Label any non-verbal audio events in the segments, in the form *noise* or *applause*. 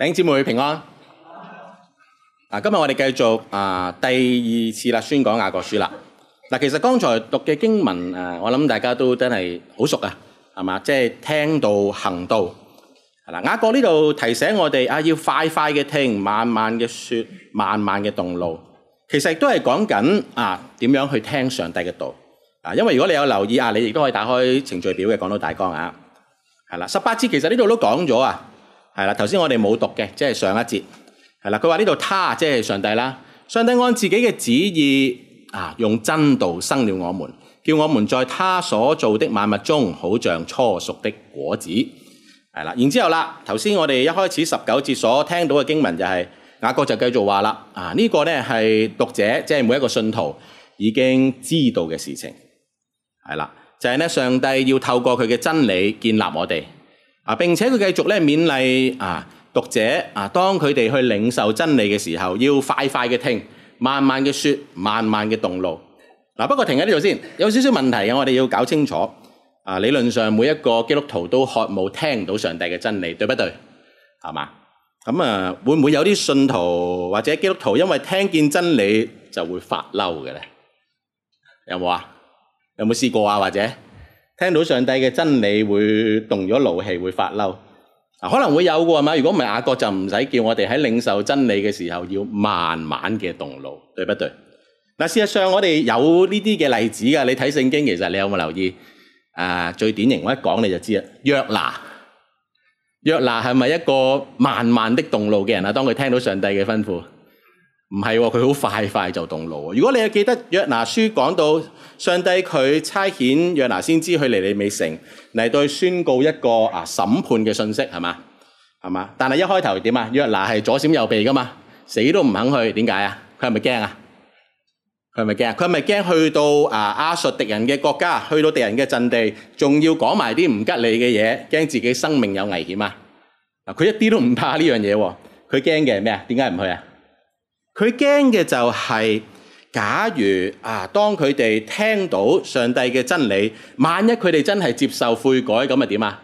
弟兄姊妹平安。嗱，今日我哋繼續啊，第二次啦，宣講雅各書啦。嗱，其實剛才讀嘅經文誒，我諗大家都真係好熟啊，係嘛，即係聽道行道。係啦，雅各呢度提醒我哋啊，要快快嘅聽，慢慢嘅說，慢慢嘅動怒。其實都係講緊啊，點樣去聽上帝嘅道啊？因為如果你有留意啊，你亦都可以打開程序表嘅講道大綱啊。係啦，十八節其實呢度都講咗啊。係啦，頭先我哋冇讀嘅，即係上一節，係啦。佢話呢度他即係、就是、上帝啦，上帝按自己嘅旨意啊，用真道生了我們，叫我們在他所造的萬物中，好像初熟的果子。係啦，然之後啦，頭先我哋一開始十九節所聽到嘅經文就係、是、雅各就繼續話啦，啊、這個、呢個咧係讀者即係、就是、每一個信徒已經知道嘅事情。係啦，就係、是、咧上帝要透過佢嘅真理建立我哋。並且佢繼續勉勵啊讀者啊，當佢哋去領受真理嘅時候，要快快嘅聽，慢慢嘅説，慢慢嘅動怒。不過停喺呢度先，有少少問題，我哋要搞清楚。啊，理論上每一個基督徒都渴望聽到上帝嘅真理，對不對？係嘛？咁啊，會唔會有啲信徒或者基督徒因為聽見真理就會發嬲嘅呢？有冇啊有？有冇試過啊？或者？聽到上帝嘅真理會動咗怒氣，會發嬲，啊可能會有㗎嘛？如果唔係雅各就唔使叫我哋喺領受真理嘅時候要慢慢嘅動怒，對唔對？嗱，事實上我哋有呢啲嘅例子㗎，你睇聖經其實你有冇留意？誒，最典型我一講你就知啦。約拿，約拿係咪一個慢慢的動怒嘅人啊？當佢聽到上帝嘅吩咐。唔係喎，佢好快快就動怒喎。如果你係記得約拿書講到上帝佢差遣約拿先知去尼尼微城嚟到宣告一個啊審判嘅信息係嘛係嘛？但係一開頭點啊？約拿係左閃右避㗎嘛，死都唔肯去。點解啊？佢係咪驚啊？佢係咪驚啊？佢係咪驚去到啊亞述敵人嘅國家，去到敵人嘅陣地，仲要講埋啲唔吉利嘅嘢，驚自己生命有危險啊？嗱，佢一啲都唔怕呢樣嘢喎，佢驚嘅係咩啊？點解唔去啊？佢驚嘅就係假如啊，當佢哋聽到上帝嘅真理，萬一佢哋真係接受悔改，咁咪點啊？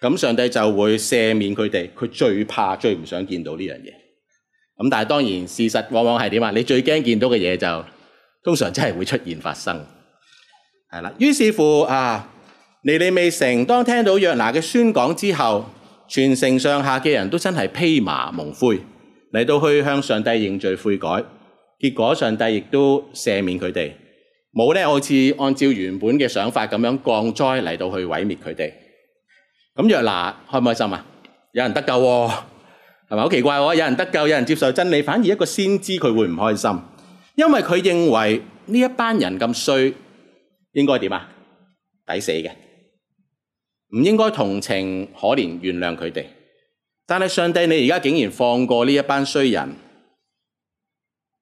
咁上帝就會赦免佢哋。佢最怕、最唔想見到呢樣嘢。咁但係當然，事實往往係點啊？你最驚見到嘅嘢就，通常真係會出現發生。係啦，於是乎啊，尼尼微城，當聽到約拿嘅宣講之後，全城上下嘅人都真係披麻蒙灰。嚟到去向上帝認罪悔改，結果上帝亦都赦免佢哋，冇咧好似按照原本嘅想法咁樣降災嚟到去毀滅佢哋。咁約拿開唔開心啊？有人得救喎、啊，係咪好奇怪喎、啊？有人得救，有人接受真理，反而一個先知佢會唔開心，因為佢認為呢一班人咁衰，應該點啊？抵死嘅，唔應該同情、可憐、原諒佢哋。但係上帝，你而家竟然放過呢一班衰人？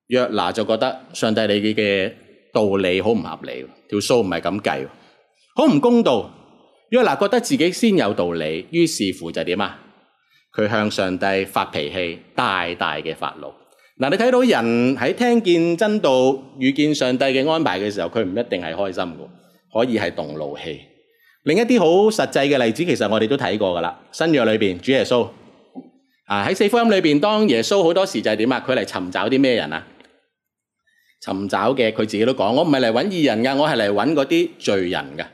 約拿就覺得上帝你嘅道理好唔合理，這條數唔係咁計，好唔公道。約拿覺得自己先有道理，於是乎就點啊？佢向上帝發脾氣，大大嘅發怒。嗱、啊，你睇到人喺聽見真道、遇見上帝嘅安排嘅時候，佢唔一定係開心噶，可以係動怒氣。另一啲好實際嘅例子，其實我哋都睇過㗎喇，新約裏面，主耶穌。啊！喺四福音裏面，當耶穌好多時就係點啊？佢嚟尋找啲咩人啊？尋找嘅，佢自己都講，我唔係嚟揾義人噶，我係嚟揾嗰啲罪人噶。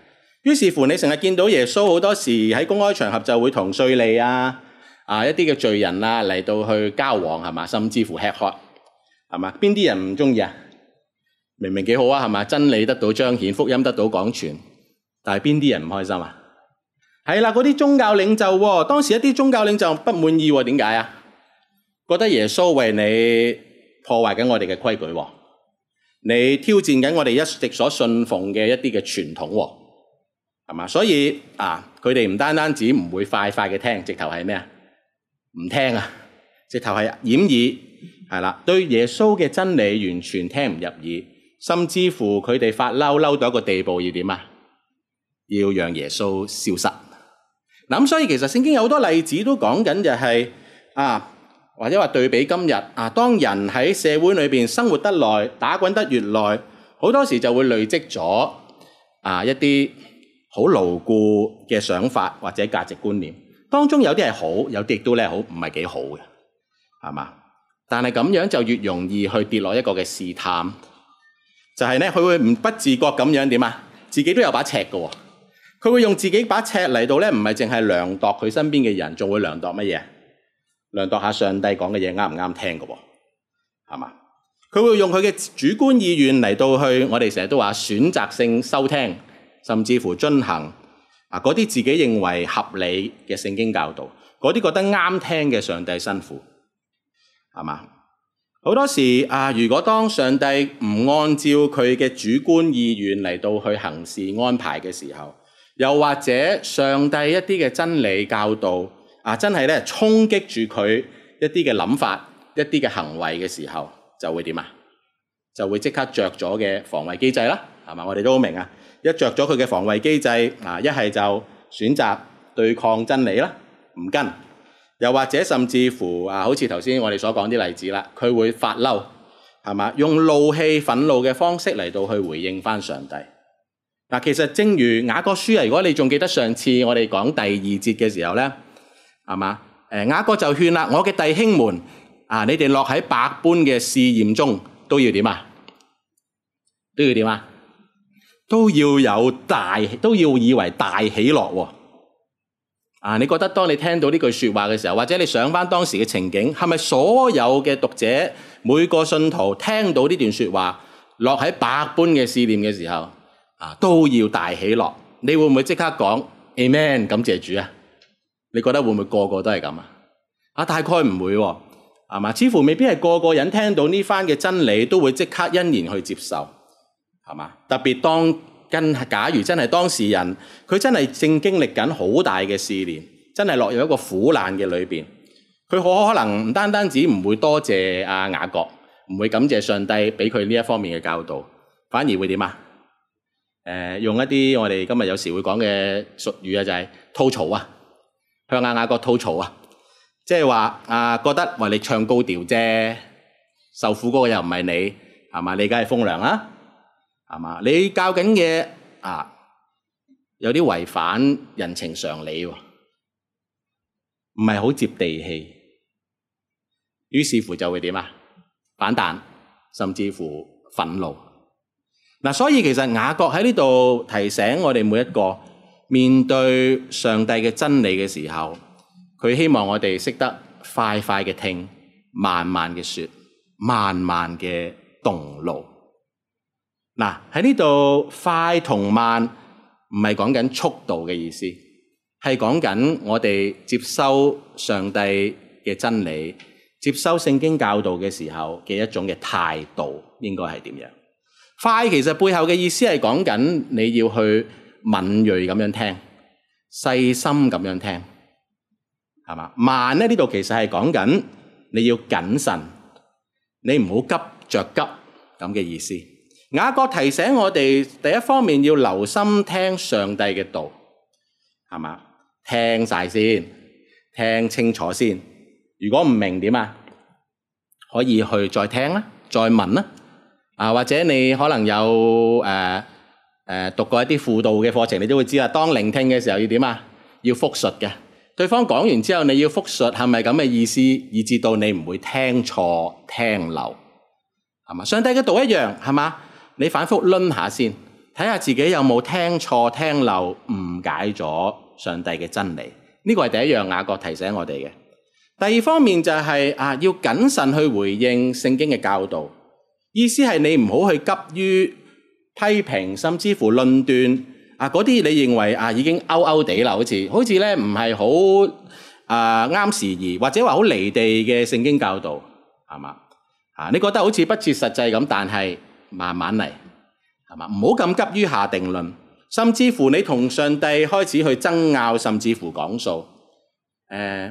於是乎，你成日見到耶穌好多時喺公開場合就會同稅吏啊，啊一啲嘅罪人啊嚟到去交往係嘛，甚至乎吃喝係嘛？邊啲人唔中意啊？明明幾好啊，係嘛？真理得到彰顯，福音得到廣傳，但係邊啲人唔開心啊？係啦，嗰啲宗教領袖，當時一啲宗教領袖不滿意，點解啊？覺得耶穌為你破壞緊我哋嘅規矩，你挑戰緊我哋一直所信奉嘅一啲嘅傳統，係咪？所以啊，佢哋唔單單止唔會快快嘅聽，直頭係咩？唔聽啊！直頭係掩耳，係啦，對耶穌嘅真理完全聽唔入耳，甚至乎佢哋發嬲嬲到一個地步，要點啊？要讓耶穌消失。咁所以其實聖經有好多例子都講緊就係啊，或者話對比今日啊，當人喺社會裏面生活得耐，打滾得越耐，好多時就會累積咗啊一啲好牢固嘅想法或者價值觀念。當中有啲係好，有啲亦都咧好唔係幾好嘅，係咪？但係咁樣就越容易去跌落一個嘅試探，就係呢，佢會唔不自覺咁樣點啊？自己都有把尺㗎喎。佢會用自己把尺嚟到咧，唔係淨係量度佢身邊嘅人，仲會量度乜嘢？量度下上帝講嘅嘢啱唔啱聽嘅，哦，係嘛？佢會用佢嘅主觀意願嚟到去，我哋成日都話選擇性收聽，甚至乎遵行啊嗰啲自己認為合理嘅聖經教導，嗰啲覺得啱聽嘅上帝辛苦，係嘛？好多時啊，如果當上帝唔按照佢嘅主觀意願嚟到去行事安排嘅時候，又或者上帝一啲嘅真理教導，啊，真係咧衝擊住佢一啲嘅諗法、一啲嘅行為嘅時候，就會點啊？就會即刻着咗嘅防衛機制啦，係咪？我哋都好明啊！一着咗佢嘅防衛機制啊，一係就選擇對抗真理啦，唔跟。又或者甚至乎啊，好似頭先我哋所講啲例子啦，佢會發嬲，係咪？用怒氣憤怒嘅方式嚟到去回應翻上帝。其實正如雅各書，如果你仲記得上次我哋講第二節嘅時候呢，係嘛？雅各就勸啦，我嘅弟兄們啊，你哋落喺百般嘅試驗中都要點啊？都要點啊？都要有大，都要以為大喜樂喎。啊，你覺得當你聽到呢句說話嘅時候，或者你上返當時嘅情景，係咪所有嘅讀者、每個信徒聽到呢段說話，落喺百般嘅試驗嘅時候？啊，都要大喜樂，你會唔會即刻講 Amen？感謝主啊！你覺得會唔會個個都係咁啊？啊，大概唔會，啊、是係嘛？似乎未必係個個人聽到呢番嘅真理，都會即刻欣然去接受，係嘛？特別當跟假如真係當事人，佢真係正經歷緊好大嘅試煉，真係落入一個苦難嘅裏面，佢好可能唔單單止唔會多謝阿、啊、雅各，唔會感謝上帝俾佢呢一方面嘅教導，反而會點啊？誒用一啲我哋今日有時會講嘅術語啊，就係吐槽啊，向阿雅各吐槽啊，即係話啊覺得話你唱高調啫，受苦嗰個又唔係你係嘛？你梗係風涼啦係嘛？你教緊嘅啊有啲違反人情常理喎，啊，唔係好接地氣，於是乎就會點啊？反彈，甚至乎憤怒。嗱，所以其實雅各喺呢度提醒我哋每一個面對上帝嘅真理嘅時候，佢希望我哋識得快快嘅聽，慢慢嘅說，慢慢嘅動怒。嗱，喺呢度快同慢唔係講緊速度嘅意思，係講緊我哋接收上帝嘅真理、接收聖經教導嘅時候嘅一種嘅態度，應該係點樣？快其實背後嘅意思係講緊你要去敏銳咁樣聽，細心咁樣聽，係嘛？慢咧，呢度其實係講緊你要謹慎，你唔好急著急咁嘅意思。雅各提醒我哋，第一方面要留心聽上帝嘅道，係嘛？聽晒先，聽清楚先。如果唔明點啊？可以去再聽啦，再問啦。啊，或者你可能有呃呃、啊啊、讀過一啲輔導嘅課程，你都會知道當聆聽嘅時候要點啊？要複述嘅，對方講完之後你要複述，係咪咁嘅意思，以至到你唔會聽錯聽漏，係嘛？上帝嘅道一樣，係咪？你反複掄下先，睇下自己有冇聽錯聽漏，誤解咗上帝嘅真理。呢、這個係第一樣雅各提醒我哋嘅。第二方面就係、是、啊，要謹慎去回應聖經嘅教導。意思係你唔好去急於批評，甚至乎論斷啊！嗰啲你認為啊已經拗拗地啦，好似好似呢唔係好啊啱時宜，或者話好離地嘅聖經教導，係嘛？嚇，你覺得好似不切實際咁，但係慢慢嚟係嘛？唔好咁急於下定論，甚至乎你同上帝開始去爭拗，甚至乎講數，嗯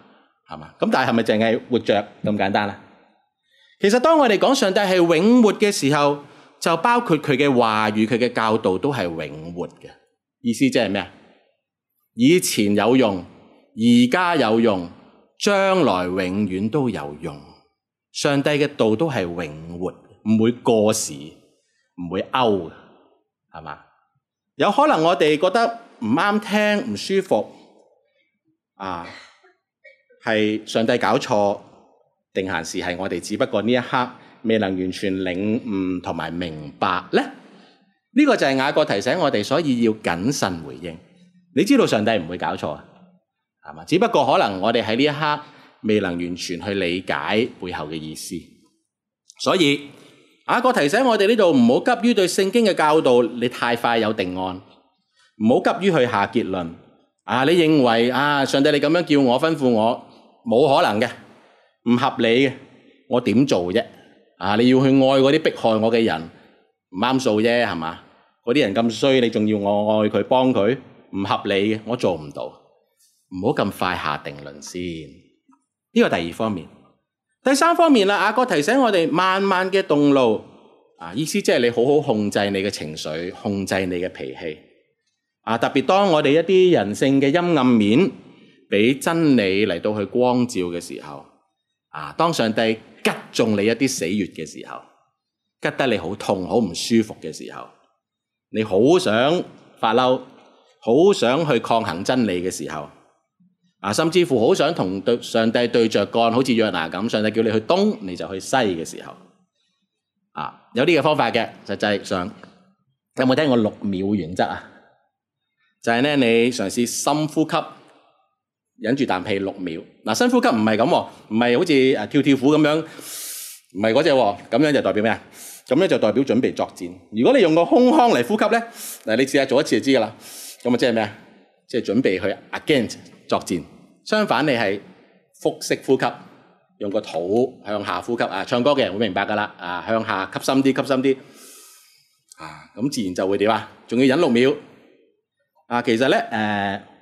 係嘛？咁但係係咪淨係活着咁簡單啊？嗯、其實當我哋講上帝係永活嘅時候，就包括佢嘅話語、佢嘅教導都係永活嘅。意思即係咩啊？以前有用，而家有用，將來永遠都有用。上帝嘅道都係永活，唔會過時，唔會 out，係嘛？有可能我哋覺得唔啱聽，唔舒服啊？是上帝搞錯定還是我哋只不過呢一刻未能完全領悟同埋明白呢？呢、這個就係雅各提醒我哋，所以要謹慎回應。你知道上帝唔會搞錯啊，係嘛？只不過可能我哋喺呢一刻未能完全去理解背後嘅意思，所以雅各提醒我哋呢度唔好急於對聖經嘅教導，你太快有定案，唔好急於去下結論。啊，你認為啊，上帝你咁樣叫我吩咐我？冇可能嘅，唔合理嘅，我點做啫？啊，你要去愛嗰啲迫害我嘅人，唔啱數啫，係嘛？嗰啲人咁衰，你仲要我愛佢幫佢？唔合理嘅，我做唔到。唔好咁快下定論先。呢、這個第二方面，第三方面啦，啊、雅各提醒我哋慢慢嘅動怒。啊，意思即係你好好控制你嘅情緒，控制你嘅脾氣。啊，特別當我哋一啲人性嘅陰暗面。俾真理嚟到去光照嘅時候，啊，當上帝擊中你一啲死穴嘅時候，擊得你好痛好唔舒服嘅時候，你好想發嬲，好想去抗衡真理嘅時候，啊，甚至乎好想同上帝對着幹，好似約拿咁，上帝叫你去東你就去西嘅時候，啊，有呢個方法嘅，實際上有冇有聽過六秒原則啊？就係呢，你嘗試深呼吸。忍住啖氣六秒，深呼吸唔係咁喎，唔係好似跳跳虎咁樣，唔係嗰隻喎，咁樣就代表咩啊？咁咧就代表準備作戰。如果你用個胸腔嚟呼吸呢，你試下做一次就知㗎啦。咁啊即係咩啊？即係準備去 against 作戰。相反你係腹式呼吸，用個肚向下呼吸、啊、唱歌嘅人會明白㗎啦、啊、向下吸深啲，吸深啲啊，咁自然就會點啊？仲要忍六秒啊，其實呢。呃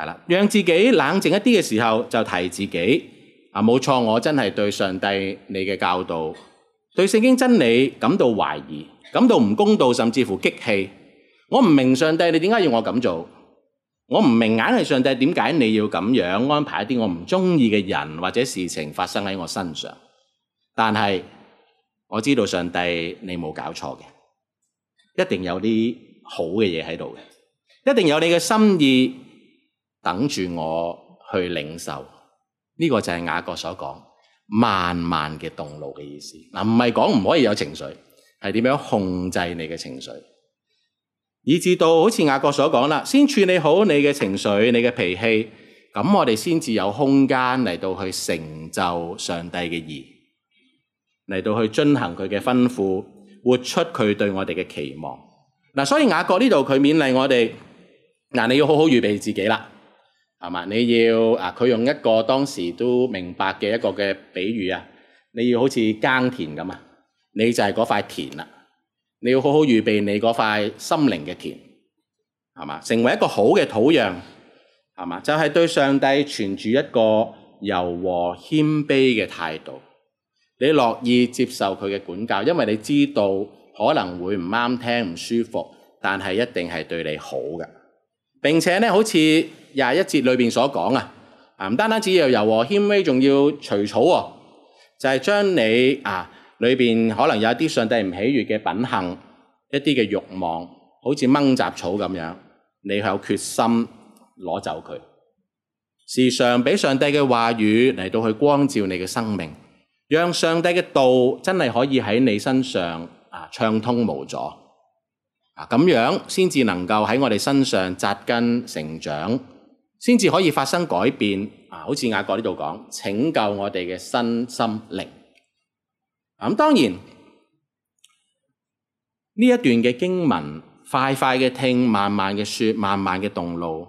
係啦，讓自己冷靜一啲嘅時候，就提自己啊，冇錯，我真係對上帝你嘅教導、對聖經真理感到懷疑，感到唔公道，甚至乎激氣。我唔明上帝，你點解要我咁做？我唔明眼係上帝，點解你要咁樣安排一啲我唔中意嘅人或者事情發生喺我身上？但係我知道上帝，你冇搞錯嘅，一定有啲好嘅嘢喺度嘅，一定有你嘅心意。等住我去領受，呢、這個就係雅各所講慢慢嘅動怒嘅意思。嗱，唔係講唔可以有情緒，係點樣控制你嘅情緒，以至到好似雅各所講啦，先處理好你嘅情緒、你嘅脾氣，咁我哋先至有空間嚟到去成就上帝嘅義，嚟到去遵行佢嘅吩咐，活出佢對我哋嘅期望。嗱，所以雅各呢度佢勉勵我哋，嗱，你要好好預備自己啦。係嘛？你要啊？佢用一個當時都明白嘅一個嘅比喻啊，你要好似耕田咁啊，你就係嗰塊田啦。你要好好預備你嗰塊心靈嘅田，係嘛？成為一個好嘅土壤，係嘛？就係對上帝存住一個柔和謙卑嘅態度，你樂意接受佢嘅管教，因為你知道可能會唔啱聽唔舒服，但係一定係對你好嘅。並且咧，好似～廿一節裏面所講啊，唔單單只要柔和謙卑，仲要除草、啊，就係、是、將你啊裏邊可能有一啲上帝唔喜悦嘅品行，一啲嘅欲望，好似掹雜草咁樣，你有決心攞走佢，時常俾上帝嘅話語嚟到去光照你嘅生命，讓上帝嘅道真係可以喺你身上啊暢通無阻，啊咁樣先至能夠喺我哋身上紮根成長。先至可以發生改變啊！好似雅各呢度講，拯救我哋嘅身心靈。咁、啊、當然呢一段嘅經文，快快嘅聽，慢慢嘅說，慢慢嘅動怒。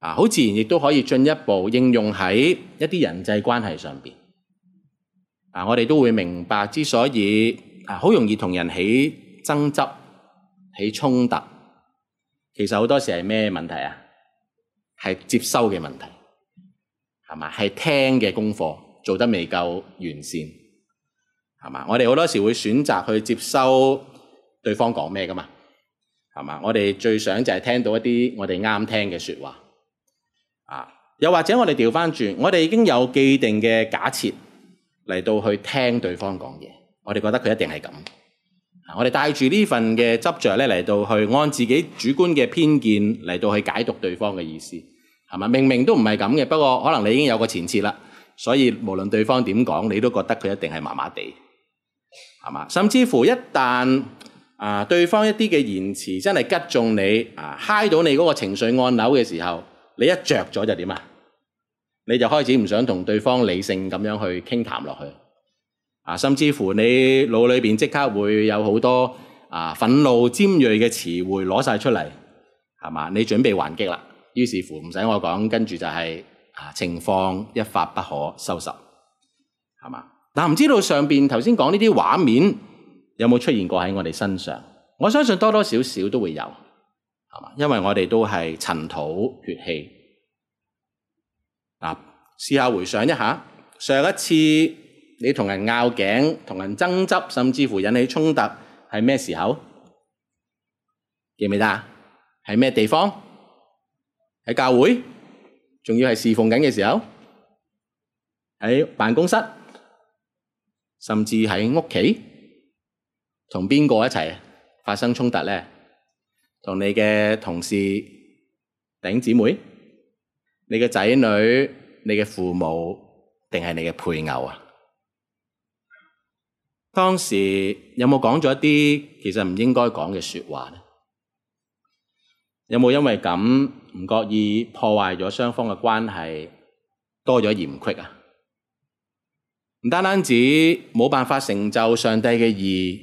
啊，好自然亦都可以進一步應用喺一啲人際關係上面。啊，我哋都會明白之所以啊，好容易同人起爭執、起衝突，其實好多時係咩問題啊？係接收嘅問題，係嘛？係聽嘅功課做得未夠完善，係嘛？我哋好多時會選擇去接收對方講咩噶嘛，係嘛？我哋最想就係聽到一啲我哋啱聽嘅説話，啊！又或者我哋調翻轉，我哋已經有既定嘅假設嚟到去聽對方講嘢，我哋覺得佢一定係咁嘅，啊。我哋帶住呢份嘅執着咧嚟到去按自己主觀嘅偏見嚟到去解讀對方嘅意思。明明都唔係咁嘅，不過可能你已經有個前設啦，所以無論對方點講，你都覺得佢一定係麻麻地，係嘛？甚至乎一旦啊對方一啲嘅言辭真係擊中你啊嗨到你嗰個情緒按鈕嘅時候，你一着咗就點呀？你就開始唔想同對方理性咁樣去傾談落去啊！甚至乎你腦裏面即刻會有好多啊憤怒尖銳嘅詞彙攞晒出嚟，係嘛？你準備還擊啦！於是乎唔使我講，跟住就係情況一發不可收拾，係嘛？嗱，唔知道上面頭先講呢啲畫面有冇出現過喺我哋身上？我相信多多少少都會有，係嘛？因為我哋都係塵土血氣。嗱、啊，試下回想一下，上一次你同人拗頸、同人爭執，甚至乎引起衝突，係咩時候？記唔記得？係咩地方？喺教會，仲要係侍奉緊嘅時候，喺辦公室，甚至喺屋企，同邊個一齊發生衝突咧？同你嘅同事、弟兄姊妹、你嘅仔女、你嘅父母，定係你嘅配偶啊？當時有冇講咗一啲其實唔應該講嘅說的話咧？有冇因為咁唔覺意破壞咗雙方嘅關係，多咗嫌隙啊？唔單單指冇辦法成就上帝嘅義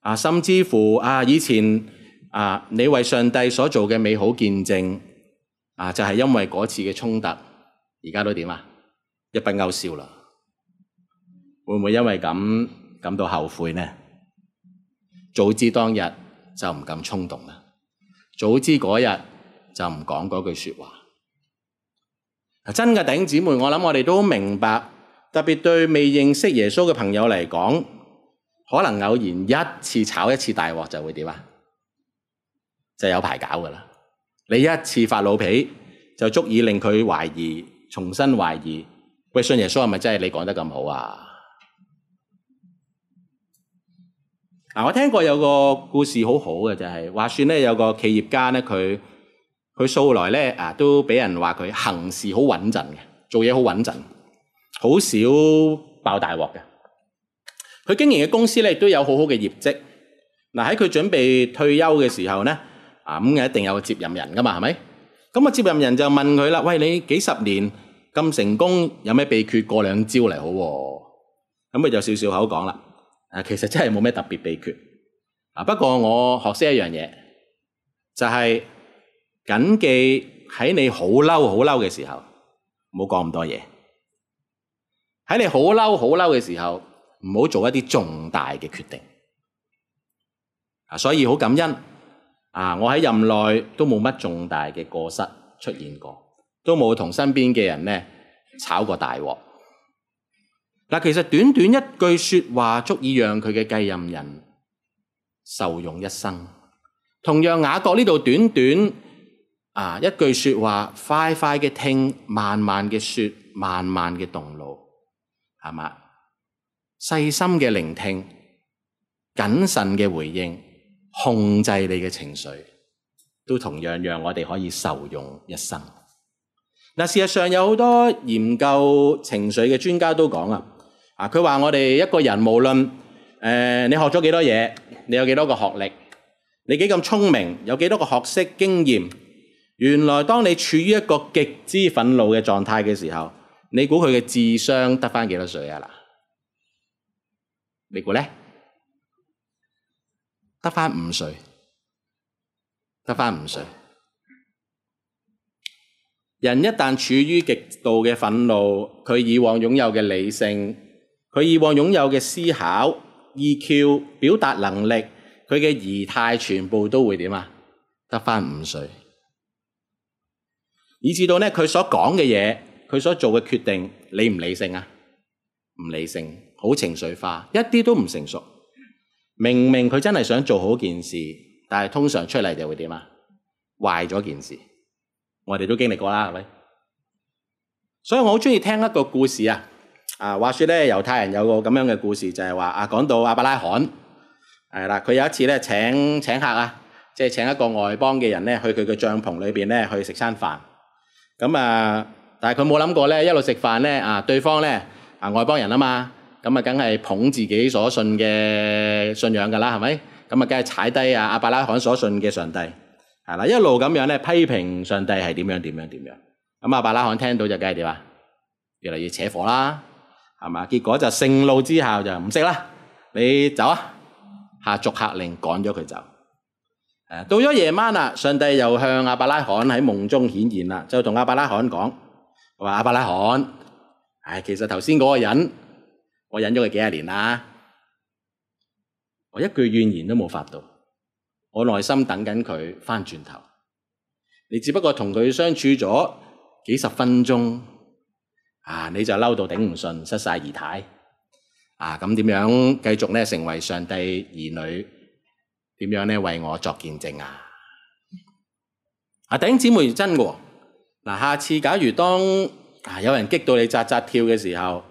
啊，甚至乎啊，以前啊你為上帝所做嘅美好見證啊，就係因為嗰次嘅衝突，而家都點啊？一筆勾銷喇，會唔會因為咁感到後悔呢？早知當日就唔咁衝動喇。早知嗰日就唔講嗰句説話。真嘅頂姊妹，我諗我哋都明白，特別對未認識耶穌嘅朋友嚟講，可能偶然一次炒一次大鑊就會點呀？就有排搞㗎喇。你一次發老脾就足以令佢懷疑、重新懷疑，喂，信耶穌係咪真係你講得咁好啊？啊、我聽過有個故事好好嘅，就係、是、話説呢，有個企業家呢，佢佢素來呢，啊，都俾人話佢行事好穩陣嘅，做嘢好穩陣，好少爆大鑊嘅。佢經營嘅公司呢，亦都有好好嘅業績。嗱、啊，喺佢準備退休嘅時候呢，咁、啊、一定有個接任人㗎嘛，係咪？咁啊，接任人就問佢啦：「喂，你幾十年咁成功，有咩秘訣？過兩招嚟好喎。咁啊，就笑笑口講啦。啊，其實真係冇咩特別秘訣啊！不過我學識一樣嘢，就係、是、緊記喺你好嬲、好嬲嘅時候，唔好講咁多嘢；喺你好嬲、好嬲嘅時候，唔好做一啲重大嘅決定。啊，所以好感恩啊！我喺任內都冇乜重大嘅過失出現過，都冇同身邊嘅人咧炒過大鑊。其實短短一句説話，足以讓佢嘅繼任人受用一生。同樣雅各呢度短短啊一句説話，快快嘅聽，慢慢嘅說，慢慢嘅動腦，係嘛？細心嘅聆聽，謹慎嘅回應，控制你嘅情緒，都同樣讓我哋可以受用一生。事實上有好多研究情緒嘅專家都講啊。啊！佢話：我哋一個人無論誒、呃，你學咗幾多嘢，你有幾多個學歷，你幾咁聰明，有幾多個學識經驗。原來當你處於一個極之憤怒嘅狀態嘅時候，你估佢嘅智商得翻幾多歲啊？嗱，你估咧？得翻五歲，得翻五歲。人一旦處於極度嘅憤怒，佢以往擁有嘅理性。佢以往擁有嘅思考、EQ、表達能力，佢嘅儀態全部都會點啊？得返五歲，以至到呢，佢所講嘅嘢，佢所做嘅決定，理唔理性啊？唔理性，好情緒化，一啲都唔成熟。明明佢真係想做好件事，但係通常出嚟就會點啊？壞咗件事，我哋都經歷過啦，係咪？所以我好鍾意聽一個故事啊！啊！話說咧，猶太人有個咁樣嘅故事就，就係話啊，講到亞伯拉罕係啦，佢有一次咧請請客啊，即係請一個外邦嘅人咧去佢嘅帳篷裏面咧去食餐飯。咁啊，但係佢冇諗過咧，一路食飯咧啊，對方咧啊外邦人啊嘛，咁啊梗係捧自己所信嘅信仰㗎啦，係咪？咁啊，梗係踩低啊亞伯拉罕所信嘅上帝係啦，一路咁樣咧批評上帝係點樣點樣點樣。咁亞伯拉罕聽到就梗係點啊？越嚟越扯火啦！係嘛？結果就盛怒之後就唔識啦。你走啊！下逐客令，趕咗佢走。到咗夜晚啦，上帝又向亞伯拉罕喺夢中顯現啦，就同亞伯拉罕講：話亞伯拉罕，哎、其實頭先嗰個人，我忍咗佢幾十年啦，我一句怨言都冇發到，我耐心等緊佢返轉頭。你只不過同佢相處咗幾十分鐘。啊！你就嬲到頂唔順，失晒儀態。啊咁點樣繼續咧？成為上帝兒女，點樣咧？為我作見證啊！啊，弟兄姊妹真喎！嗱、啊，下次假如當啊有人激到你扎扎跳嘅時候，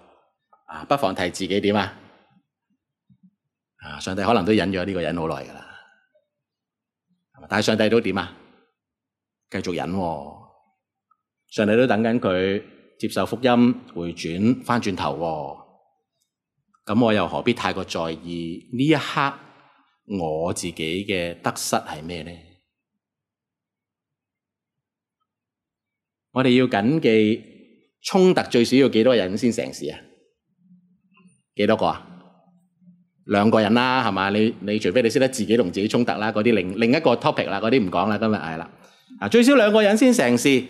啊，不妨提自己點啊？啊，上帝可能都忍咗呢個人好耐噶啦。但係上帝都點啊？繼續忍喎、啊。上帝都等緊佢。接受福音，回轉，翻轉頭喎、哦，咁我又何必太過在意呢一刻我自己嘅得失係咩咧？我哋要緊記，衝突最少要幾多人先成事啊？幾多個啊？兩個人啦、啊，係嘛？你你，除非你識得自己同自己衝突啦、啊，嗰啲另另一個 topic 啦，嗰啲唔講啦，今日係啦。啊，最少兩個人先成事。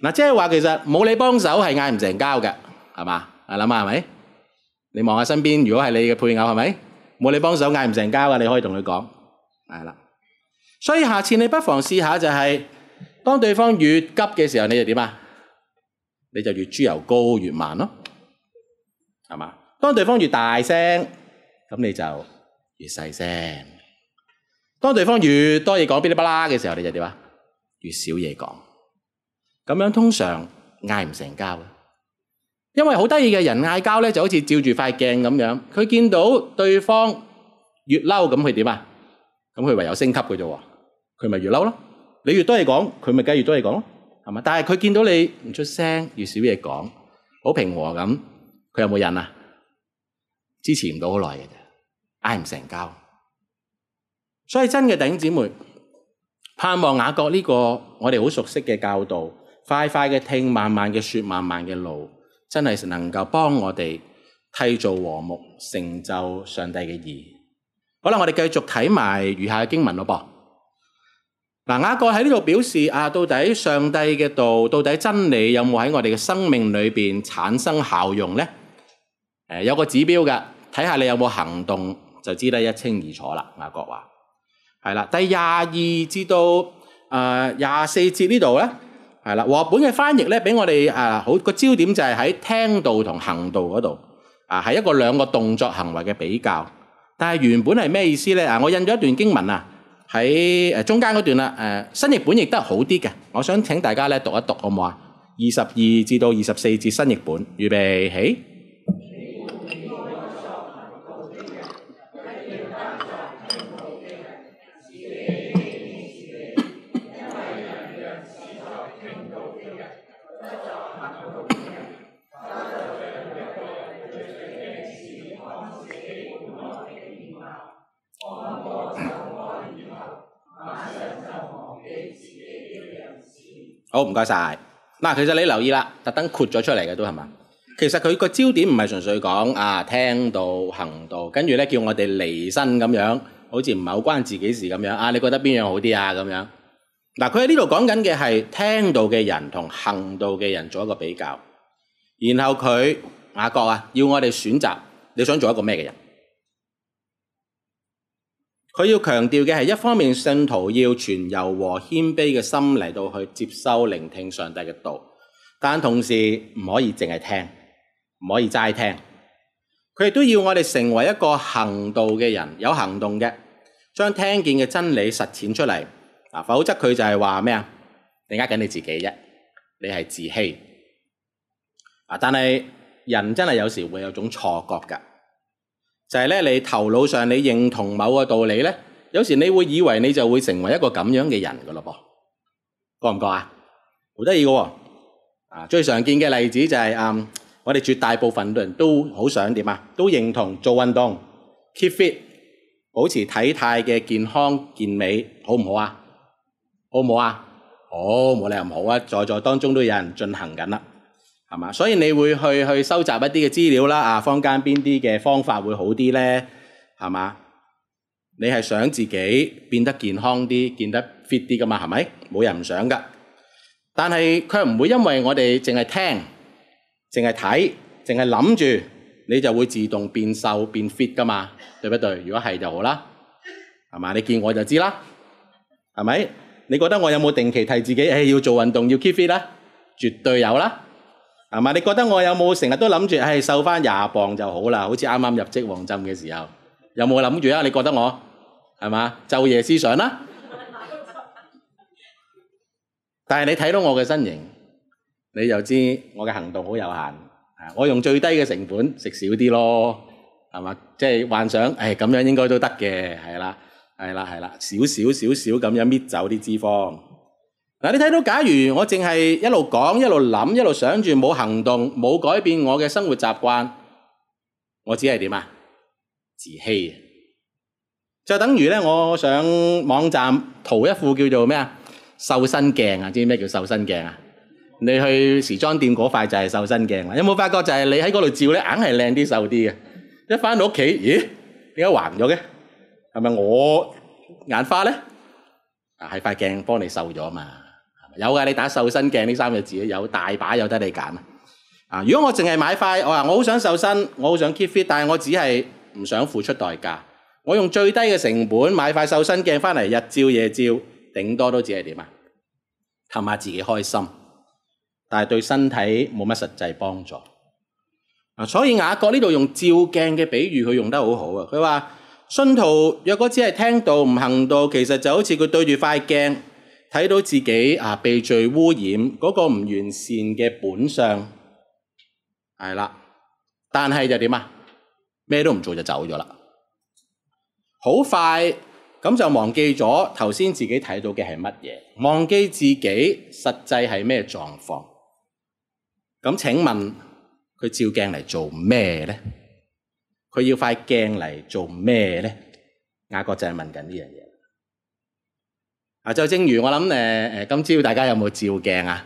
嗱，即係話其實冇你幫手係嗌唔成交㗎，係咪？你諗下係咪？你望下身邊，如果係你嘅配偶係咪？冇你幫手嗌唔成交㗎，你可以同佢講，係啦。所以下次你不妨試下，就是，就係當對方越急嘅時候，你就點啊？你就越豬油膏越慢咯，係咪？當對方越大聲，咁你就越細聲；當對方越多嘢講，嗶哩吧啦嘅時候，你就點啊？越少嘢講。咁樣通常嗌唔成交，因為好得意嘅，人嗌交呢，就好似照住塊鏡咁樣，佢見到對方越嬲，咁佢點呀？咁佢唯有升級嘅啫喎，佢咪越嬲咯。你越多嘢講，佢咪更越多嘢講咯，係咪？但係佢見到你唔出聲，越少嘢講，好平和咁，佢有冇忍啊？支持唔到好耐嘅，嗌唔成交。所以真嘅弟兄姊妹，盼望雅各呢個我哋好熟悉嘅教導快快嘅聽，慢慢嘅說，慢慢嘅怒，真係能夠幫我哋締造和睦，成就上帝嘅義。好啦，我哋繼續睇埋餘下嘅經文咯噃。嗱，雅各喺呢度表示啊，到底上帝嘅道，到底真理有冇喺我哋嘅生命裏面產生效用呢？有個指標㗎，睇下你有冇行動，就知得一清二楚啦。雅各話：係啦，第二二至到誒廿四節呢度呢。係啦，和本嘅翻譯咧，俾我哋誒好個焦點就係喺聽道同行道嗰度，啊係一個兩個動作行為嘅比較。但係原本係咩意思咧？啊，我印咗一段經文啊，喺誒中間嗰段啦，誒新譯本亦都係好啲嘅，我想請大家咧讀一讀好唔好啊？二十二至到二十四節新譯本，預備起。好唔該曬嗱，其實你留意啦，特登豁咗出嚟嘅都係嘛，其實佢個焦點唔係純粹講啊聽道行道，跟住咧叫我哋離身咁樣，好似唔係好關自己事咁樣啊。你覺得邊樣好啲啊？咁樣嗱，佢喺呢度講緊嘅係聽道嘅人同行道嘅人做一個比較，然後佢雅各啊，要我哋選擇，你想做一個咩嘅人？佢要強調嘅係一方面，信徒要存柔和謙卑嘅心嚟到去接收、聆聽上帝嘅道，但同時唔可以淨係聽，唔可以齋聽。佢亦都要我哋成為一個行道嘅人，有行動嘅，將聽見嘅真理實踐出嚟。否則佢就係話咩啊？你呃緊你自己啫，你係自欺。但係人真係有時候會有種錯覺㗎。就係你頭腦上你認同某個道理呢，有時你會以為你就會成為一個咁樣嘅人㗎喇噃，覺唔覺啊？好得意嘅，啊最常見嘅例子就係，嗯，我哋絕大部分的人都好想點啊？都認同做運動，keep fit，保持體態嘅健康健美，好唔好啊？好唔好啊？好，哦，冇理由唔好啊！在座當中都有人進行緊啦。係嘛？所以你會去去收集一啲嘅資料啦，啊，坊間邊啲嘅方法會好啲呢？係嘛？你係想自己變得健康啲、變得 fit 啲㗎嘛？係咪？冇人唔想㗎。但係佢唔會因為我哋淨係聽、淨係睇、淨係諗住，你就會自動變瘦變 fit 㗎嘛？對唔對？如果係就好啦。係嘛？你見我就知啦。係咪？你覺得我有冇定期提自己？哎，要做運動要 keep fit 啦？絕對有啦。係咪？你覺得我有冇成日都諗住，唉、哎，瘦返廿磅就好啦？好似啱啱入職黃浸嘅時候，有冇諗住啊？你覺得我係咪？晝夜思想啦。 *laughs* 但係你睇到我嘅身形，你就知道我嘅行動好有限。我用最低嘅成本食少啲咯，係咪？即、就、係、是、幻想，唉、哎，咁樣應該都得嘅，係啦，係啦，係啦，少少少少咁樣搣走啲脂肪。你睇到，假如我淨係一路講、一路諗、一路想住冇行動、冇改變我嘅生活習慣，我只係點呀？自欺，就等於呢，我上網站淘一副叫做咩呀？瘦身鏡呀，知唔知咩叫瘦身鏡呀？你去時裝店嗰塊就係瘦身鏡呀。有冇發覺就係你喺嗰度照咧，你硬係靚啲、瘦啲呀？一返到屋企，咦？點解還咗嘅？係咪我眼花呢？啊，係塊鏡幫你瘦咗嘛？有㗎，你打瘦身鏡呢三個字，有大把有得你揀。啊，如果我淨係買塊，我話我好想瘦身，我好想 keep fit，但係我只係唔想付出代價，我用最低嘅成本買塊瘦身鏡返嚟，日照夜照，頂多都只係點呀？氹下自己開心，但係對身體冇乜實際幫助。所以雅各呢度用照鏡嘅比喻，佢用得好好啊！佢話信徒若果只係聽道唔行道，其實就好似佢對住塊鏡。睇到自己啊，被罪污染嗰個唔完善嘅本相係啦，但係又點啊？咩都唔做就走咗啦，好快咁就忘記咗頭先自己睇到嘅係乜嘢，忘記自己實際係咩狀況。咁請問佢照鏡嚟做咩呢？佢要塊鏡嚟做咩呢？雅各正係問緊呢樣嘢。啊、就正如我諗，呃，今朝大家有冇有照鏡啊？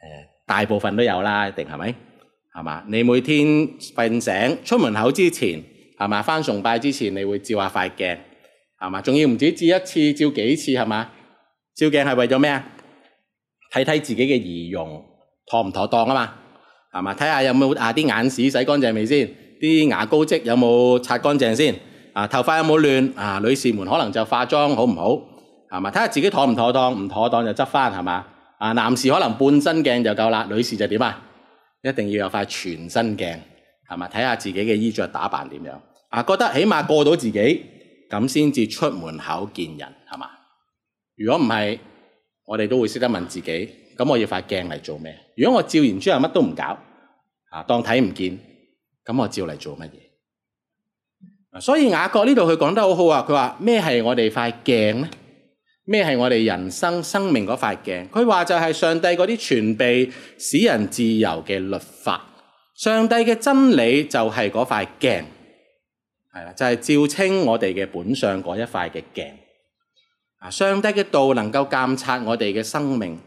呃，大部分都有啦，一定係咪？你每天瞓醒出門口之前係嘛，返崇拜之前，你會照一下塊鏡係嘛？仲要唔知照一次，照幾次係咪？照鏡係為咗咩？睇睇自己嘅儀容妥唔妥當嘛，係嘛，睇睇有冇啊？嘛係嘛？睇下有冇啊啲眼屎洗乾淨未先？啲牙膏漬有冇擦乾淨先？啊，頭髮有冇亂？啊，女士們可能就化妝好唔好？係嘛？睇下自己妥唔妥當，唔妥當就執返，係嘛？啊，男士可能半身鏡就夠啦，女士就點啊？一定要有塊全身鏡係嘛？睇下自己嘅衣着打扮點樣啊？覺得起碼過到自己咁先至出門口見人係嘛？如果唔係，我哋都會識得問自己：咁我要塊鏡嚟做咩？如果我照完之後乜都唔搞啊，當睇唔見，咁我照嚟做乜嘢？所以雅各呢度佢講得好好啊！佢話咩係我哋塊鏡呢？咩係我哋人生生命嗰塊鏡？佢話就係上帝嗰啲全備使人自由嘅律法上，就是，上帝嘅真理就係嗰塊鏡，係啦，就係照清我哋嘅本相嗰一塊嘅鏡。啊，上帝嘅道能夠鑒察我哋嘅生命，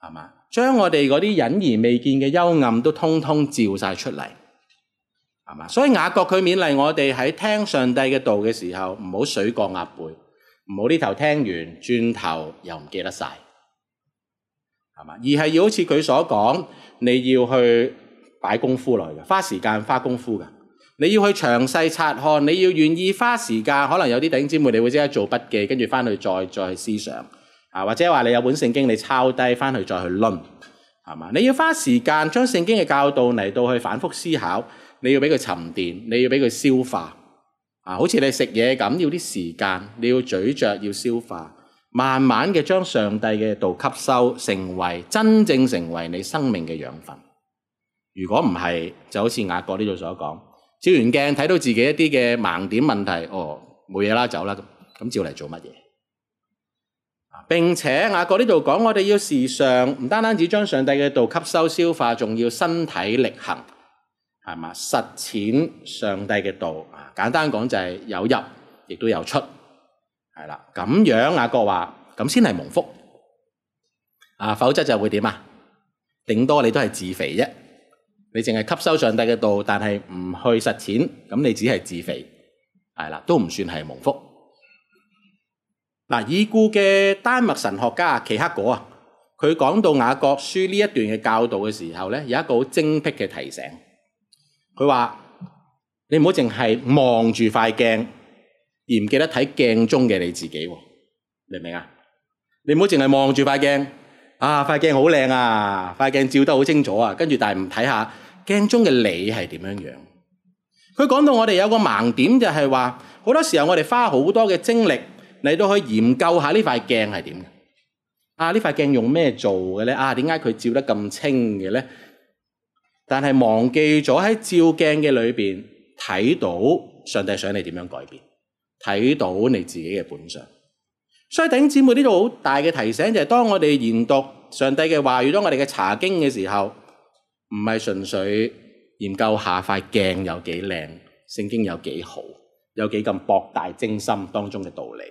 係嘛？將我哋嗰啲隱而未見嘅幽暗都通通照晒出嚟，係嘛？所以雅各佢勉勵我哋喺聽上帝嘅道嘅時候，唔好水過鴨背。唔好呢頭聽完，轉頭又唔記得晒，而係要好似佢所講，你要去擺功夫落去，花時間、花功夫㗎。你要去詳細察看，你要願意花時間。可能有啲弟兄姊妹，你會即刻做筆記，跟住返去再再去思想、啊、或者話你有本聖經，你抄低返去再去論，你要花時間將聖經嘅教導嚟到去反覆思考，你要俾佢沉澱，你要俾佢消化。啊，好似你食嘢咁，要啲時間，你要咀嚼，要消化，慢慢嘅將上帝嘅道吸收，成為真正成為你生命嘅養分。如果唔係，就好似雅各呢度所講，照完鏡睇到自己一啲嘅盲點問題，哦，冇嘢啦，走啦，咁咁照嚟做乜嘢？啊！並且雅各呢度講，我哋要時常，唔單單只將上帝嘅道吸收消化，仲要身體力行。係嘛？實踐上帝嘅道啊，簡單講就係有入，亦都有出，係啦。咁樣雅各話，咁先係蒙福啊，否則就會點啊？頂多你都係自肥啫，你淨係吸收上帝嘅道，但係唔去實踐，咁你只係自肥，係啦，都唔算係蒙福。嗱、啊，已故嘅丹麥神學家奇克果啊，佢講到雅各書呢一段嘅教導嘅時候咧，有一個好精辟嘅提醒。佢話：你唔好淨係望住塊鏡，而唔記得睇鏡中嘅你自己喎，明唔明啊？你唔好淨係望住塊鏡，啊！塊鏡好靚啊，塊鏡照得好清楚啊，跟住但係唔睇下鏡中嘅你係點樣樣？佢講到我哋有個盲點就是說，就係話好多時候我哋花好多嘅精力你都可以研究下呢塊鏡係點嘅啊！呢塊鏡用咩做嘅呢？啊！點解佢照得咁清嘅呢？但是忘記咗喺照鏡嘅裏面睇到上帝想你點樣改變，睇到你自己嘅本相。所以頂姊妹呢度好大嘅提醒就係當我哋研讀上帝嘅話語，語當我哋嘅查經嘅時候，唔係純粹研究下塊鏡有幾靚，聖經有幾好，有幾咁博大精深當中嘅道理，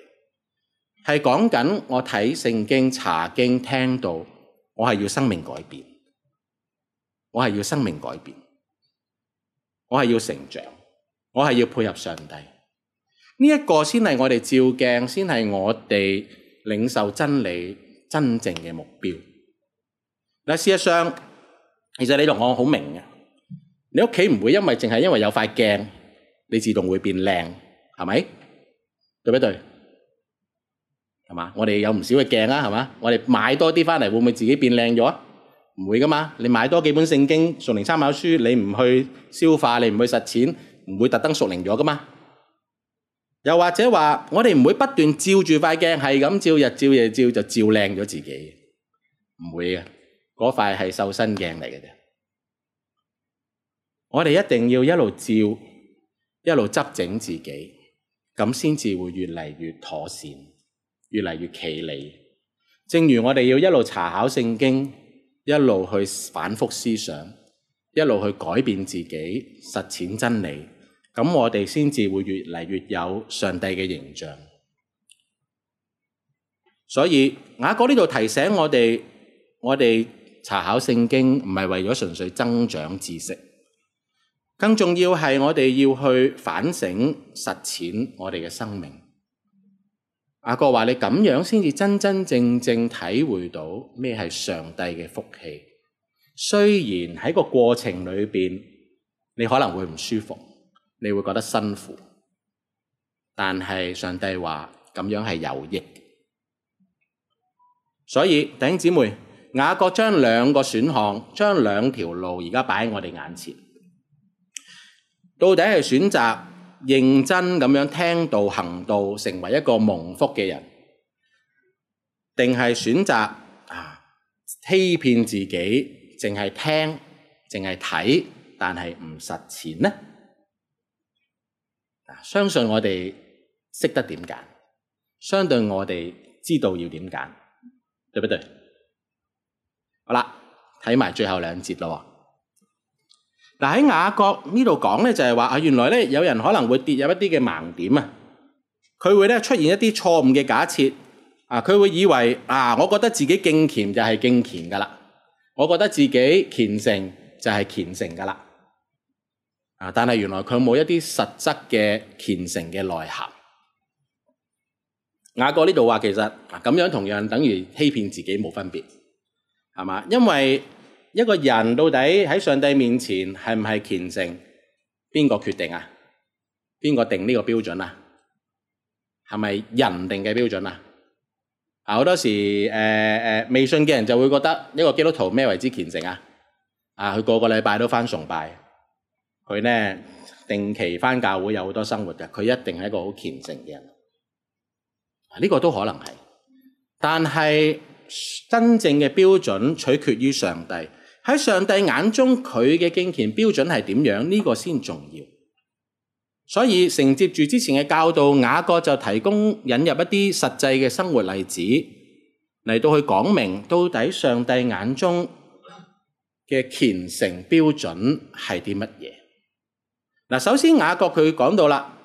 係講緊我睇聖經查經聽到，我係要生命改變。我係要生命改變，我係要成長，我係要配合上帝。呢一個先係我哋照鏡，先係我哋領受真理真正嘅目標。嗱，事實上，其實你同我好明嘅，你屋企唔會因為淨係因為有塊鏡，你自動會變靚，係咪？對唔對？係嘛，我哋有唔少嘅鏡啦，係嘛，我哋買多啲返嚟，會唔會自己變靚咗？唔會㗎嘛！你買多幾本聖經、屬靈參考書，你唔去消化，你唔去實踐，唔會特登屬靈咗㗎嘛！又或者話，我哋唔會不斷照住塊鏡係咁照日照夜照，就照靚咗自己，唔會嘅。嗰塊係瘦身鏡嚟嘅啫。我哋一定要一路照，一路執整自己，咁先至會越嚟越妥善，越嚟越企理。正如我哋要一路查考聖經。一路去反覆思想，一路去改變自己，實踐真理，咁我哋先至會越嚟越有上帝嘅形象。所以雅各呢度提醒我哋，我哋查考聖經唔係為咗純粹增長知識，更重要係我哋要去反省實踐我哋嘅生命。雅各話：你咁樣先至真真正正體會到咩係上帝嘅福氣。雖然喺個過程裏面，你可能會唔舒服，你會覺得辛苦，但係上帝話咁樣係有益嘅。所以弟兄姊妹，雅各將兩個選項，將兩條路而家擺喺我哋眼前，到底係選擇認真咁樣聽道行道，成為一個蒙福嘅人，定係選擇啊欺騙自己，淨係聽，淨係睇，但係唔實踐呢？相信我哋識得點揀，相信我哋知道要點揀，對不對？好啦，睇埋最後兩節啦喎。嗱，喺雅各呢度講呢，就係話原來有人可能會跌入一啲嘅盲點啊，佢會出現一啲錯誤嘅假設啊，佢會以為啊，我覺得自己敬虔就係敬虔㗎喇，我覺得自己虔誠就係虔誠㗎喇啊，但係原來佢冇一啲實質嘅虔誠嘅內涵。雅各呢度話其實咁樣同樣等於欺騙自己冇分別，係咪？因為一個人到底喺上帝面前係唔係虔誠？邊個決定啊？邊個定呢個標準啊？係咪人定嘅標準啊？啊，好多時誒誒、呃、未信嘅人就會覺得呢個基督徒咩為之虔誠啊？啊，佢個個禮拜都返崇拜，佢呢定期返教會有好多生活嘅，佢一定係一個好虔誠嘅人。呢個都可能係，但係，真正嘅標準取決於上帝，喺上帝眼中佢嘅敬虔標準係點樣，呢個先重要。所以承接住之前嘅教導，雅各就提供引入一啲實際嘅生活例子嚟到去講明，到底上帝眼中嘅虔誠標準係啲乜嘢。首先雅各佢講到啦，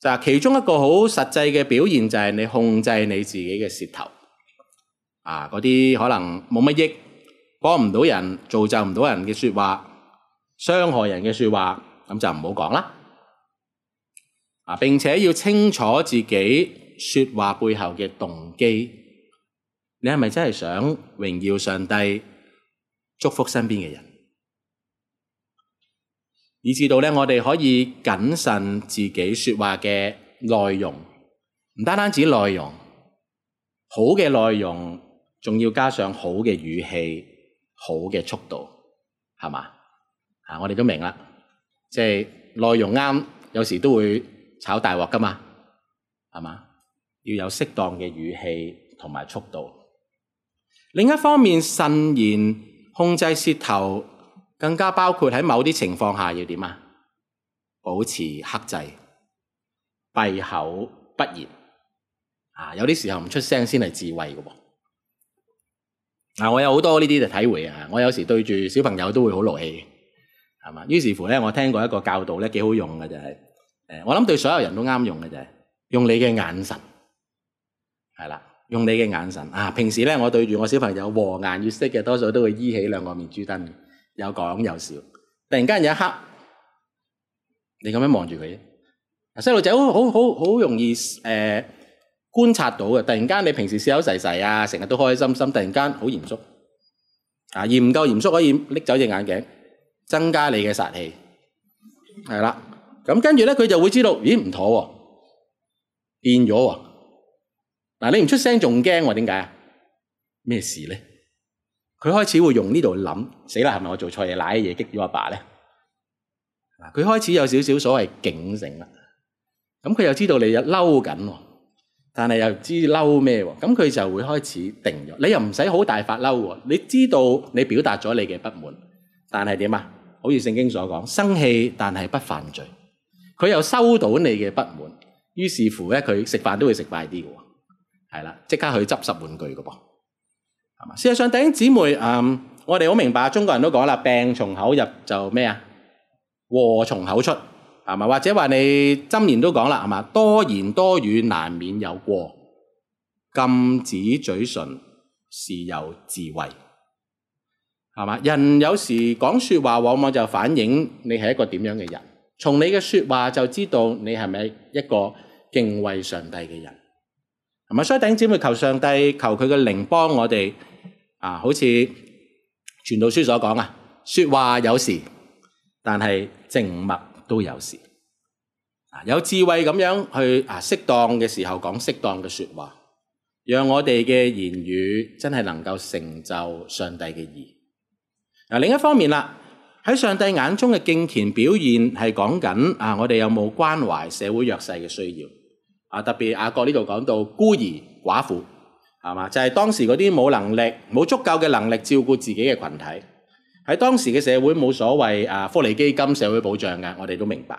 就其中一個好實際嘅表現就係你控制你自己嘅舌頭。啊！嗰啲可能冇乜益，幫唔到人，造就唔到人嘅說話，傷害人嘅說話，咁就唔好講啦。啊，並且要清楚自己說話背後嘅動機，你係咪真係想榮耀上帝、祝福身邊嘅人？以至到呢，我哋可以謹慎自己說話嘅內容，唔單單止內容，好嘅內容。仲要加上好嘅語氣、好嘅速度，係嘛？啊，我哋都明啦，即係內容啱，有時都會炒大鑊㗎嘛，係嘛？要有適當嘅語氣同埋速度。另一方面，慎言控制舌頭，更加包括喺某啲情況下要點啊？保持克制，閉口不言。啊，有啲時候唔出聲先係智慧嘅喎。我有好多呢啲就體會啊！我有時對住小朋友都會好勞氣，係嘛？於是乎咧，我聽過一個教導咧，幾好用嘅就係，誒，我諗對所有人都啱用嘅就係，用你嘅眼神，係啦，用你嘅眼神啊！平時咧，我對住我小朋友和顏悅色嘅多數都會依起兩個面珠燈，有講有笑。突然間有一刻，你咁樣望住佢，細路仔好好好容易，呃觀察到嘅，突然間你平時笑口噬噬啊，成日都開開心心，突然間好嚴肅啊，嚴唔夠嚴肅可以拎走隻眼鏡，增加你嘅殺氣，係啦。咁跟住咧，佢就會知道，咦唔妥喎，變咗喎。嗱，你唔出聲仲驚喎？點解啊？咩事咧？佢開始會用呢度諗，死啦，係咪我做錯嘢，賴嘢激住阿爸咧？嗱，佢開始有少少所謂警醒啦。咁佢又知道你有嬲緊喎。但係又唔知嬲咩？咁佢就會開始定咗。你又唔使好大發嬲喎。你知道你表達咗你嘅不滿，但係點啊？好似聖經所講，生氣但係不犯罪。佢又收到你嘅不滿，於是乎咧，佢食飯都會食快啲嘅喎。係啦，即刻去執拾玩具嘅噃。係嘛？事實上，弟兄姊妹，嗯，我哋好明白，中國人都講啦，病從口入就咩啊？禍從口出。係嘛？或者話你箴言都講啦，係嘛？多言多語難免有過，禁止嘴唇是有智慧，係嘛？人有時講說話，往往就反映你係一個點樣嘅人，從你嘅說話就知道你係咪一個敬畏上帝嘅人，同埋所以頂姊妹求上帝求佢嘅靈幫我哋啊，好似傳道書所講啊，說話有時，但係靜默。都有時，啊，有智慧咁樣去啊，適當嘅時候講適當嘅說話，讓我哋嘅言語真係能夠成就上帝嘅義。啊，另一方面啦，喺上帝眼中嘅敬虔表現係講緊啊，我哋有冇關懷社會弱勢嘅需要啊，特別阿國呢度講到孤兒寡婦係咪就係當時嗰啲冇能力，冇足夠嘅能力照顧自己嘅群體？喺當時嘅社會冇所謂啊，福利基金、社會保障嘅，我哋都明白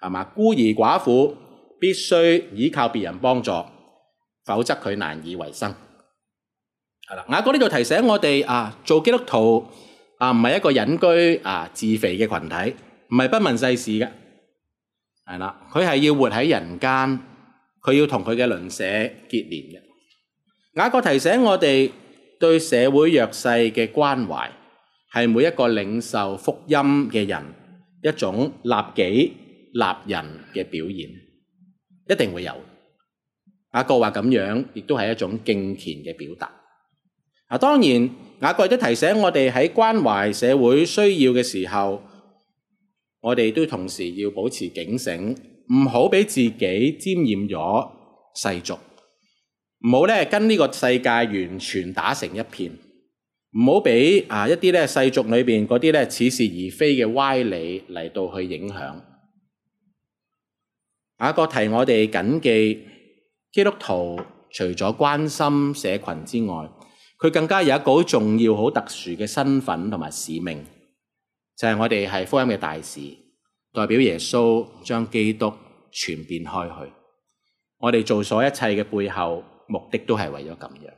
係嘛？孤兒寡婦必須倚靠別人幫助，否則佢難以為生係啦。雅各呢度提醒我哋啊，做基督徒啊，唔係一個隱居啊自肥嘅羣體，唔係不問世事嘅係啦。佢係要活喺人間，佢要同佢嘅鄰舍結連嘅。雅各提醒我哋對社會弱勢嘅關懷。係每一個領受福音嘅人，一種立己立人嘅表現，一定會有。雅各話咁樣，亦都係一種敬虔嘅表達。嗱，當然，雅各亦都提醒我哋喺關懷社會需要嘅時候，我哋都同時要保持警醒，唔好俾自己沾染咗世俗，唔好咧跟呢個世界完全打成一片。唔好俾啊一啲咧世俗裏邊嗰啲咧似是而非嘅歪理嚟到去影響。雅各提我哋謹記，基督徒除咗關心社群之外，佢更加有一個好重要、好特殊嘅身份同埋使命，就係、是、我哋係福音嘅大使，代表耶穌將基督傳遍開去。我哋做所一切嘅背後目的都係為咗咁樣。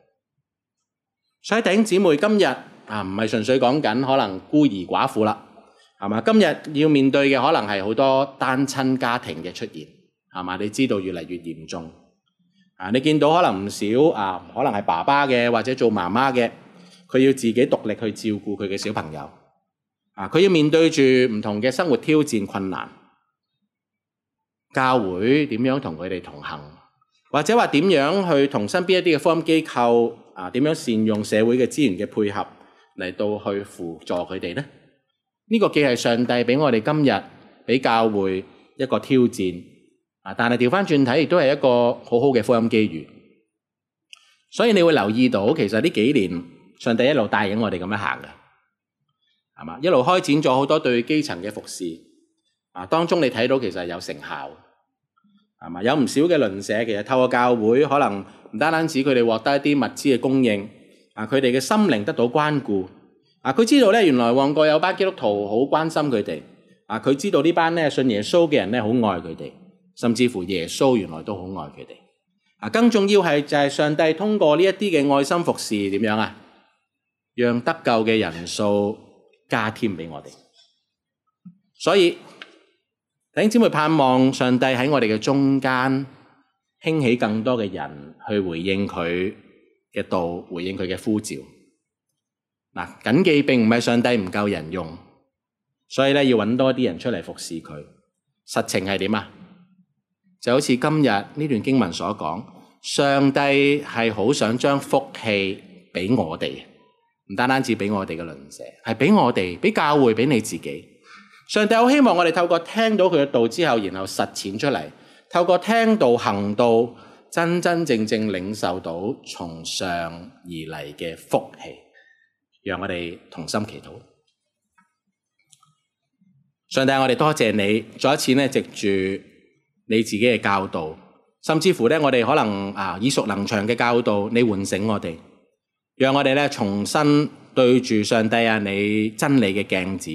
所以弟兄姊妹今日啊，唔係純粹講緊可能孤兒寡婦啦，係嘛？今日要面對嘅可能係好多單親家庭嘅出現，係嘛？你知道越嚟越嚴重、啊、你見到可能唔少、啊、可能係爸爸嘅，或者做媽媽嘅，佢要自己獨立去照顧佢嘅小朋友、啊、佢要面對住唔同嘅生活挑戰困難，教會點樣同佢哋同行？或者話點樣去同身邊一啲嘅福音機構啊，點樣善用社會嘅資源嘅配合嚟到去輔助佢哋呢？呢個既係上帝俾我哋今日俾教會一個挑戰啊，但係調返轉睇亦都係一個好好嘅福音機遇。所以你會留意到，其實呢幾年上帝一路帶引我哋咁樣行嘅，係嘛？一路開展咗好多對基層嘅服事啊，當中你睇到其實有成效。有唔少嘅鄰舍，其實透過教會，可能唔單單止佢哋獲得一啲物資嘅供應，佢哋嘅心靈得到關顧，佢知道咧，原來旺角有班基督徒好關心佢哋，佢知道呢班咧信耶穌嘅人咧好愛佢哋，甚至乎耶穌原來都好愛佢哋，更重要係就係上帝通過呢啲嘅愛心服侍點樣呀，讓得救嘅人數加添俾我哋，所以。弟兄姊妹，盼望上帝喺我哋嘅中間興起更多嘅人去回應佢嘅道，回應佢嘅呼召。嗱、啊，謹記並唔係上帝唔夠人用，所以咧要揾多啲人出嚟服侍佢。實情係點啊？就好似今日呢段經文所講，上帝係好想將福氣畀我哋，唔單單只畀我哋嘅鄰舍，係畀我哋，畀教會，畀你自己。上帝好希望我哋透過聽到佢嘅道之後，然後實踐出嚟，透過聽道行道，真真正正領受到從上而嚟嘅福氣。讓我哋同心祈禱。上帝，我哋多謝你，再一次呢藉住你自己嘅教導，甚至乎呢，我哋可能啊耳熟能詳嘅教導，你喚醒我哋，讓我哋呢重新對住上帝啊你真理嘅鏡子。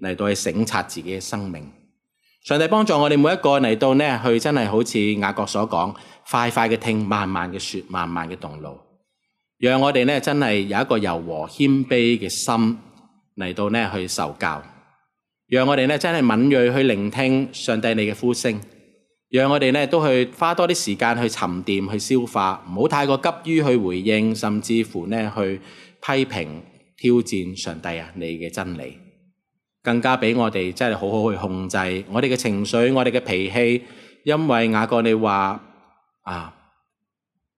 嚟到去省察自己嘅生命，上帝幫助我哋每一個嚟到呢去真係好似雅各所講，快快嘅聽，慢慢嘅說，慢慢嘅動怒，讓我哋呢真係有一個柔和謙卑嘅心嚟到呢去受教，讓我哋呢真係敏銳去聆聽上帝你嘅呼聲，讓我哋呢都去花多啲時間去沉澱去消化，唔好太過急於去回應，甚至乎呢去批評挑戰上帝啊你嘅真理。更加俾我哋真係好好去控制我哋嘅情緒，我哋嘅脾氣，因為雅各你話啊，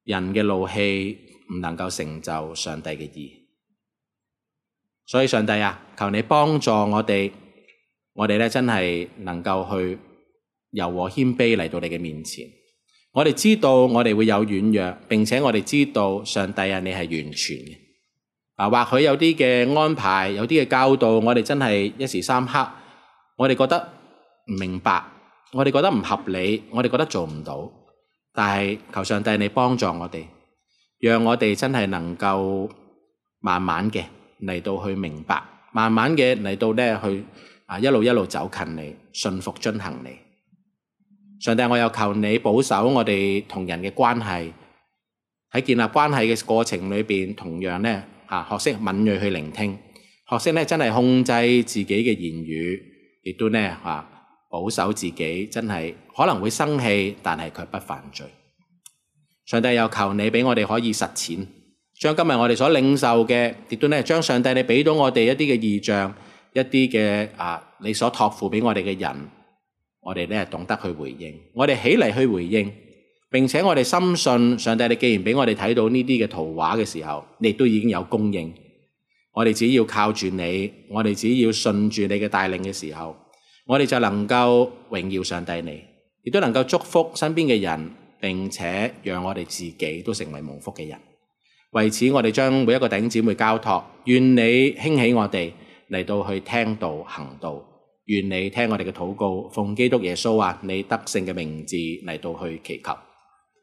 人嘅怒氣唔能夠成就上帝嘅意，所以上帝啊，求你幫助我哋，我哋咧真係能夠去柔和謙卑嚟到你嘅面前。我哋知道我哋會有軟弱，並且我哋知道上帝啊，你係完全嘅。啊，或許有啲嘅安排，有啲嘅教導，我哋真係一時三刻，我哋覺得唔明白，我哋覺得唔合理，我哋覺得做唔到。但係求上帝你幫助我哋，讓我哋真係能夠慢慢嘅嚟到去明白，慢慢嘅嚟到咧去啊一路一路走近你，順服遵行你。上帝，我又求你保守我哋同人嘅關係，喺建立關係嘅過程裏邊，同樣咧。啊！學識敏鋭去聆聽，學識咧真係控制自己嘅言語，亦都咧啊保守自己，真係可能會生氣，但係卻不犯罪。上帝又求你俾我哋可以實踐，將今日我哋所領受嘅，亦都咧將上帝你俾到我哋一啲嘅異象，一啲嘅啊你所託付俾我哋嘅人，我哋咧懂得去回應，我哋起嚟去回應。並且我哋深信，上帝你既然俾我哋睇到呢啲嘅圖畫嘅時候，你都已經有供應。我哋只要靠住你，我哋只要順住你嘅帶領嘅時候，我哋就能夠榮耀上帝你，亦都能夠祝福身邊嘅人，並且讓我哋自己都成為蒙福嘅人。為此，我哋將每一個弟兄姊妹交託。願你興起我哋嚟到去聽道行道，願你聽我哋嘅禱告，奉基督耶穌啊，你得勝嘅名字嚟到去祈求。